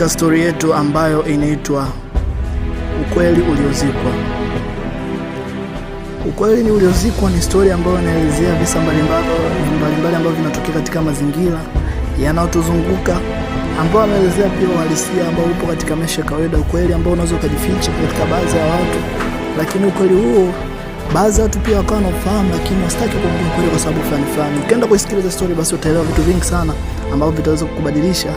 katika stori yetu ambayo inaitwa Ukweli Uliozikwa. Ukweli ni Uliozikwa ni stori ambayo inaelezea visa mbalimbali ambavyo vinatokea katika mazingira yanayotuzunguka ambao ameelezea pia uhalisia ambao upo katika maisha ya kawaida, ukweli ambao unaweza ukajificha katika baadhi ya watu, lakini ukweli huo baadhi ya watu pia wakawa wanaofahamu lakini wasitaki kuongea ukweli kwa sababu fulani fulani. Ukienda kuisikiliza stori basi utaelewa vitu vingi sana ambavyo vitaweza kukubadilisha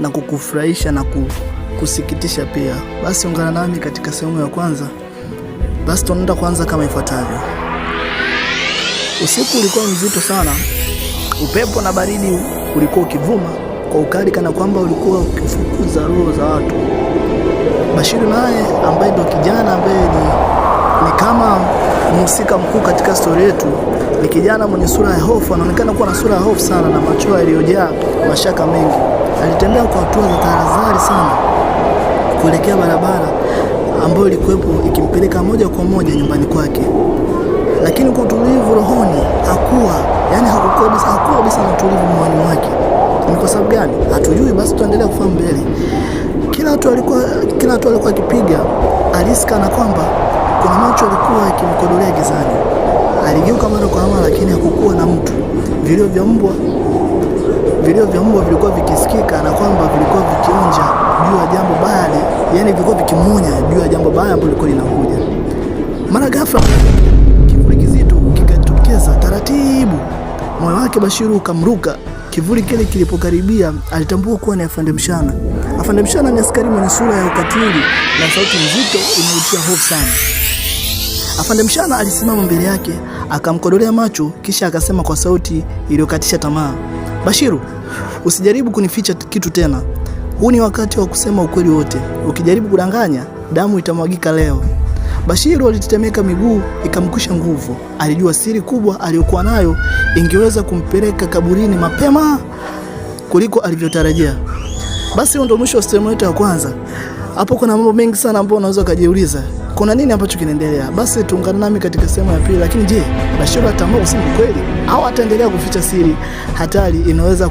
na kukufurahisha na kusikitisha pia. Basi ungana nami katika sehemu ya kwanza. Basi tunaenda kwanza kama ifuatavyo. Usiku ulikuwa mzito sana, upepo na baridi ulikuwa ukivuma kwa ukali, kana kwamba ulikuwa ukifukuza roho za watu. Bashiri naye ambaye ndo kijana ambaye ni, ni kama mhusika mkuu katika stori yetu, ni kijana mwenye sura ya hofu. Anaonekana kuwa na sura ya hofu sana na macho yaliyojaa mashaka mengi. Alitembea kwa hatua za tahadhari sana kuelekea barabara ambayo ilikuwepo ikimpeleka moja kwa moja nyumbani kwake, lakini kwa utulivu rohoni hakuwa, yani hakukuwa kabisa, hakuwa kabisa na utulivu moyoni mwake. Ni kwa sababu gani? Hatujui, basi tuendelea kufahamu mbele. Kila mtu alikuwa kila mtu alikuwa akipiga alisika na kwamba kuna macho alikuwa akimkodolea gizani. Aligeuka mara kwa mara, lakini hakukuwa na mtu. Vilio vya mbwa vilio vya mbwa vilikuwa vikisikika na kwamba vilikuwa vikionja juu ya jambo baya, yani vilikuwa vikimonya juu ya jambo baya ambalo lilikuwa linakuja. Mara ghafla kivuli kizito kikatokeza taratibu, moyo wake Bashiru ukamruka. Kivuli kile kilipokaribia, alitambua kuwa ni Afande Mshana. Afande Mshana ni askari mwenye sura ya ukatili na sauti nzito inayotia hofu sana. Afande Mshana alisimama mbele yake akamkodolea macho, kisha akasema kwa sauti iliyokatisha tamaa, Bashiru, Usijaribu kunificha kitu tena. Huu ni wakati wa kusema ukweli wote. Ukijaribu kudanganya, damu itamwagika leo. Bashiru alitetemeka miguu ikamkusha nguvu. Alijua siri kubwa aliyokuwa nayo ingeweza kumpeleka kaburini mapema kuliko alivyotarajia. Basi ndio mwisho wa sehemu yetu ya kwanza. Hapo kuna mambo mengi sana ambayo unaweza ukajiuliza, kuna nini ambacho kinaendelea? Basi tuungane nami katika sehemu ya pili. Lakini je, Bashiru ataamua kusema kweli au ataendelea kuficha siri hatari inaweza